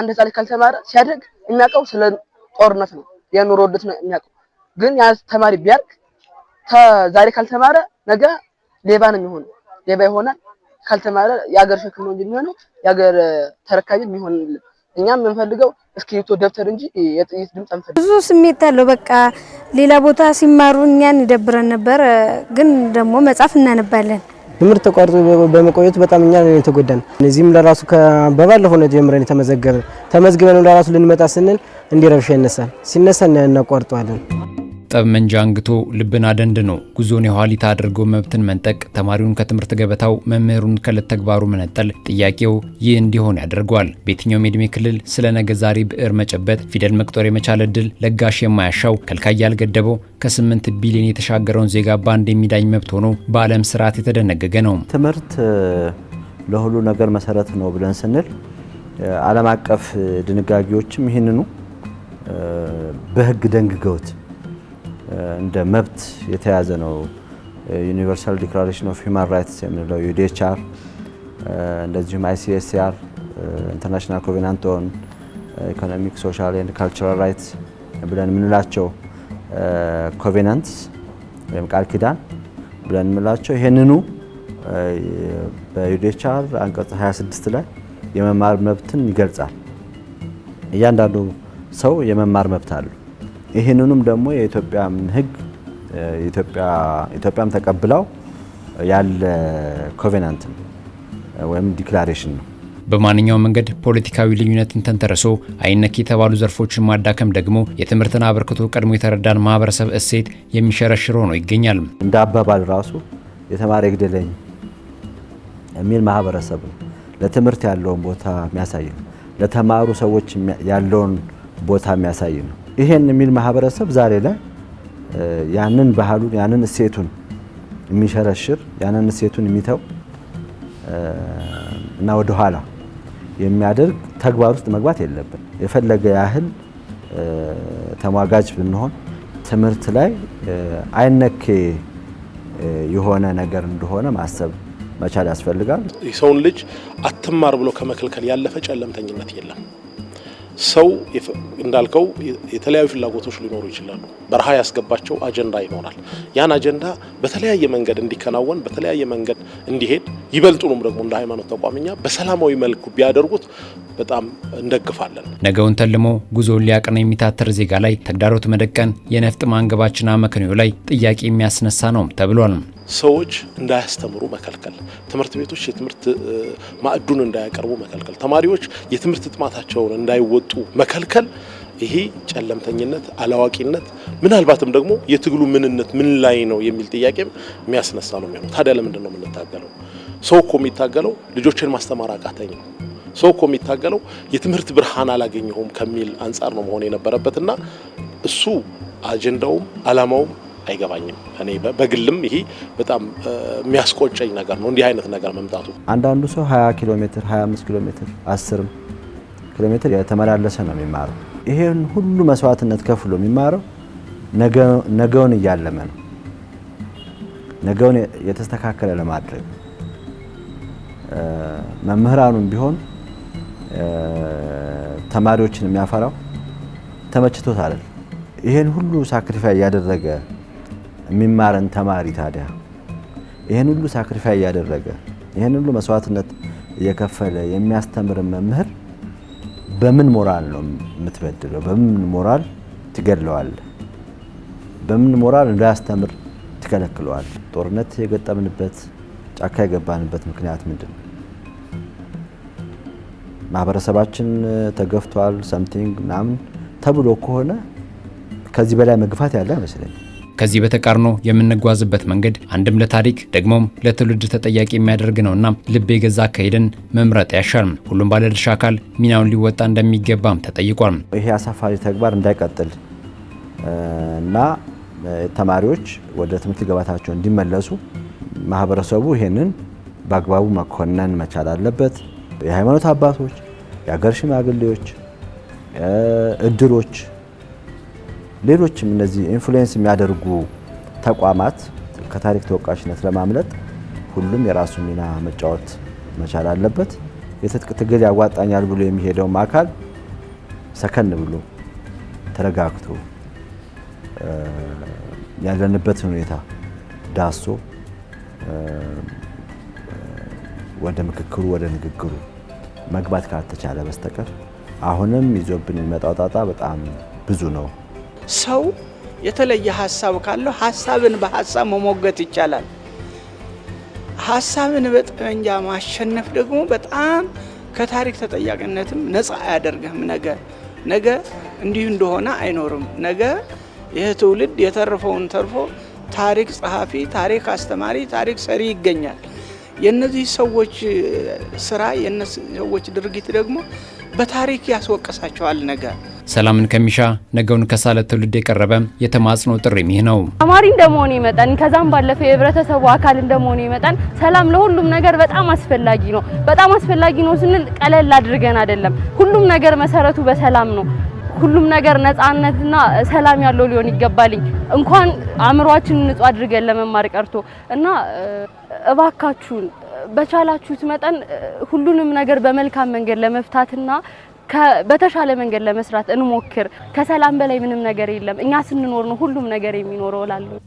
አንድ ህፃን ካልተማረ ሲያደግ የሚያውቀው ስለ ጦርነት ነው፣ የኑሮ ውድነት ነው የሚያውቀው። ግን ያ ተማሪ ቢያድግ ዛሬ ካልተማረ ነገ ሌባ ነው የሚሆነው፣ ሌባ ይሆናል። ካልተማረ የአገር ሸክም ነው የሚሆነው የአገር ተረካቢ የሚሆን እኛም የምንፈልገው እስክሪብቶ ደብተር እንጂ የጥይት ድምፅ አንፈልግም። ብዙ ስሜት አለው። በቃ ሌላ ቦታ ሲማሩ እኛን ይደብረን ነበር፣ ግን ደግሞ መጽሐፍ እናነባለን። ትምህርት ተቋርጦ በመቆየቱ በጣም እኛ ነን የተጎዳን። እነዚህም ለራሱ በባለፈው ነው ጀምረን የተመዘገበ ተመዝግበን ለራሱ ልንመጣ ስንል እንዲረብሻ ይነሳል። ሲነሳ እናቋርጠዋለን። ጠብመንጃ አንግቶ ልብን አደንድኖ ጉዞን የኋሊት አድርጎ መብትን መንጠቅ፣ ተማሪውን ከትምህርት ገበታው፣ መምህሩን ከዕለት ተግባሩ መነጠል ጥያቄው ይህ እንዲሆን ያደርገዋል። በየትኛውም የዕድሜ ክልል ስለ ነገ ዛሬ ብዕር መጨበጥ፣ ፊደል መቅጠር የመቻል ዕድል ለጋሽ የማያሻው ከልካይ ያልገደበው ከስምንት ቢሊዮን የተሻገረውን ዜጋ በአንድ የሚዳኝ መብት ሆኖ በዓለም ስርዓት የተደነገገ ነው። ትምህርት ለሁሉ ነገር መሰረት ነው ብለን ስንል ዓለም አቀፍ ድንጋጌዎችም ይህንኑ በህግ ደንግገውት እንደ መብት የተያዘ ነው። ዩኒቨርሳል ዲክላሬሽን ኦፍ ሂውማን ራይትስ የምንለው ዩዲኤችአር፣ እንደዚሁም አይሲኤስሲአር ኢንተርናሽናል ኮቬናንት ኦን ኢኮኖሚክ ሶሻል ኤንድ ካልቸራል ራይትስ ብለን የምንላቸው ኮቬናንትስ ወይም ቃል ኪዳን ብለን የምንላቸው ይህንኑ በዩዲኤችአር አንቀጽ 26 ላይ የመማር መብትን ይገልጻል። እያንዳንዱ ሰው የመማር መብት አለው። ይህንኑም ደግሞ የኢትዮጵያን ሕግ ኢትዮጵያም ተቀብለው ያለ ኮቬናንት ነው ወይም ዲክላሬሽን ነው። በማንኛውም መንገድ ፖለቲካዊ ልዩነትን ተንተርሶ አይነክ የተባሉ ዘርፎችን ማዳከም ደግሞ የትምህርትን አበርክቶ ቀድሞ የተረዳን ማህበረሰብ እሴት የሚሸረሽሮ ነው ይገኛል። እንደ አባባል ራሱ የተማረ ይግደለኝ የሚል ማህበረሰብ ነው። ለትምህርት ያለውን ቦታ የሚያሳይ ነው። ለተማሩ ሰዎች ያለውን ቦታ የሚያሳይ ነው። ይሄን የሚል ማህበረሰብ ዛሬ ላይ ያንን ባህሉን ያንን እሴቱን የሚሸረሽር ያንን እሴቱን የሚተው እና ወደ ኋላ የሚያደርግ ተግባር ውስጥ መግባት የለብን። የፈለገ ያህል ተሟጋጅ ብንሆን ትምህርት ላይ አይነኬ የሆነ ነገር እንደሆነ ማሰብ መቻል ያስፈልጋል። የሰውን ልጅ አትማር ብሎ ከመከልከል ያለፈ ጨለምተኝነት የለም። ሰው እንዳልከው የተለያዩ ፍላጎቶች ሊኖሩ ይችላሉ። በረሃ ያስገባቸው አጀንዳ ይኖራል። ያን አጀንዳ በተለያየ መንገድ እንዲከናወን በተለያየ መንገድ እንዲሄድ ይበልጡንም ደግሞ እንደ ሃይማኖት ተቋምኛ በሰላማዊ መልኩ ቢያደርጉት በጣም እንደግፋለን። ነገውን ተልሞ ጉዞውን ሊያቅን የሚታተር ዜጋ ላይ ተግዳሮት መደቀን የነፍጥ ማንገባችን አመክንዮ ላይ ጥያቄ የሚያስነሳ ነው ተብሏል። ሰዎች እንዳያስተምሩ መከልከል፣ ትምህርት ቤቶች የትምህርት ማዕዱን እንዳያቀርቡ መከልከል፣ ተማሪዎች የትምህርት ጥማታቸውን እንዳይወጡ መከልከል ይሄ ጨለምተኝነት፣ አላዋቂነት ምናልባትም ደግሞ የትግሉ ምንነት ምን ላይ ነው የሚል ጥያቄም የሚያስነሳ ነው የሚሆነው። ታዲያ ለምንድን ነው የምንታገለው? ሰው እኮ የሚታገለው ልጆችን ማስተማር አቃተኝ ነው። ሰው እኮ የሚታገለው የትምህርት ብርሃን አላገኘሁም ከሚል አንጻር ነው መሆን የነበረበትና እሱ አጀንዳውም አላማውም አይገባኝም። እኔ በግልም ይሄ በጣም የሚያስቆጨኝ ነገር ነው እንዲህ አይነት ነገር መምጣቱ። አንዳንዱ ሰው 20 ኪሎ ሜትር፣ 25 ኪሎ ሜትር፣ 10 ኪሎ ሜትር የተመላለሰ ነው የሚማረው። ይሄን ሁሉ መስዋዕትነት ከፍሎ የሚማረው ነገውን እያለመ ነው፣ ነገውን የተስተካከለ ለማድረግ መምህራኑም ቢሆን ተማሪዎችን የሚያፈራው ተመችቶት አይደል። ይሄን ሁሉ ሳክሪፋይ እያደረገ የሚማረን ተማሪ ታዲያ ይህን ሁሉ ሳክሪፋይ እያደረገ ይህን ሁሉ መስዋዕትነት እየከፈለ የሚያስተምርን መምህር በምን ሞራል ነው የምትበድለው? በምን ሞራል ትገድለዋለህ? በምን ሞራል እንዳያስተምር ትከለክለዋል? ጦርነት የገጠምንበት ጫካ የገባንበት ምክንያት ምንድን ነው? ማህበረሰባችን ተገፍቷል፣ ሰምቲንግ ምናምን ተብሎ ከሆነ ከዚህ በላይ መግፋት ያለ አይመስለኝም። ከዚህ በተቃርኖ የምንጓዝበት መንገድ አንድም ለታሪክ ደግሞም ለትውልድ ተጠያቂ የሚያደርግ ነውና ልብ የገዛ አካሄድን መምረጥ ያሻል። ሁሉም ባለድርሻ አካል ሚናውን ሊወጣ እንደሚገባም ተጠይቋል። ይሄ አሳፋሪ ተግባር እንዳይቀጥል እና ተማሪዎች ወደ ትምህርት ገበታቸው እንዲመለሱ ማህበረሰቡ ይሄንን በአግባቡ መኮነን መቻል አለበት። የሃይማኖት አባቶች፣ የሀገር ሽማግሌዎች፣ እድሮች ሌሎችም እነዚህ ኢንፍሉዌንስ የሚያደርጉ ተቋማት ከታሪክ ተወቃሽነት ለማምለጥ ሁሉም የራሱ ሚና መጫወት መቻል አለበት። የትጥቅ ትግል ያዋጣኛል ብሎ የሚሄደውም አካል ሰከን ብሎ ተረጋግቶ ያለንበትን ሁኔታ ዳሶ ወደ ምክክሩ ወደ ንግግሩ መግባት ካልተቻለ በስተቀር አሁንም ይዞብን የሚመጣው ጣጣ በጣም ብዙ ነው። ሰው የተለየ ሀሳብ ካለው ሀሳብን በሀሳብ መሞገት ይቻላል። ሀሳብን በጠመንጃ ማሸነፍ ደግሞ በጣም ከታሪክ ተጠያቂነትም ነፃ አያደርግህም። ነገ ነገ እንዲሁ እንደሆነ አይኖርም። ነገ ይህ ትውልድ የተረፈውን ተርፎ ታሪክ ጸሐፊ፣ ታሪክ አስተማሪ፣ ታሪክ ሰሪ ይገኛል። የእነዚህ ሰዎች ስራ፣ የእነዚህ ሰዎች ድርጊት ደግሞ በታሪክ ያስወቀሳቸዋል ነገር ሰላምን ከሚሻ ነገውን ከሳለ ትውልድ የቀረበ የተማጽኖ ጥሪም ይህ ነው። ተማሪ እንደመሆኔ መጠን ከዛም ባለፈ የህብረተሰቡ አካል እንደመሆኔ መጠን ሰላም ለሁሉም ነገር በጣም አስፈላጊ ነው። በጣም አስፈላጊ ነው ስንል ቀለል አድርገን አይደለም። ሁሉም ነገር መሰረቱ በሰላም ነው። ሁሉም ነገር ነጻነትና ሰላም ያለው ሊሆን ይገባልኝ። እንኳን አእምሯችንን ንጹህ አድርገን ለመማር ቀርቶ እና እባካችሁን በቻላችሁት መጠን ሁሉንም ነገር በመልካም መንገድ ለመፍታትና በተሻለ መንገድ ለመስራት እንሞክር። ከሰላም በላይ ምንም ነገር የለም። እኛ ስንኖር ነው ሁሉም ነገር የሚኖረው እላለሁ።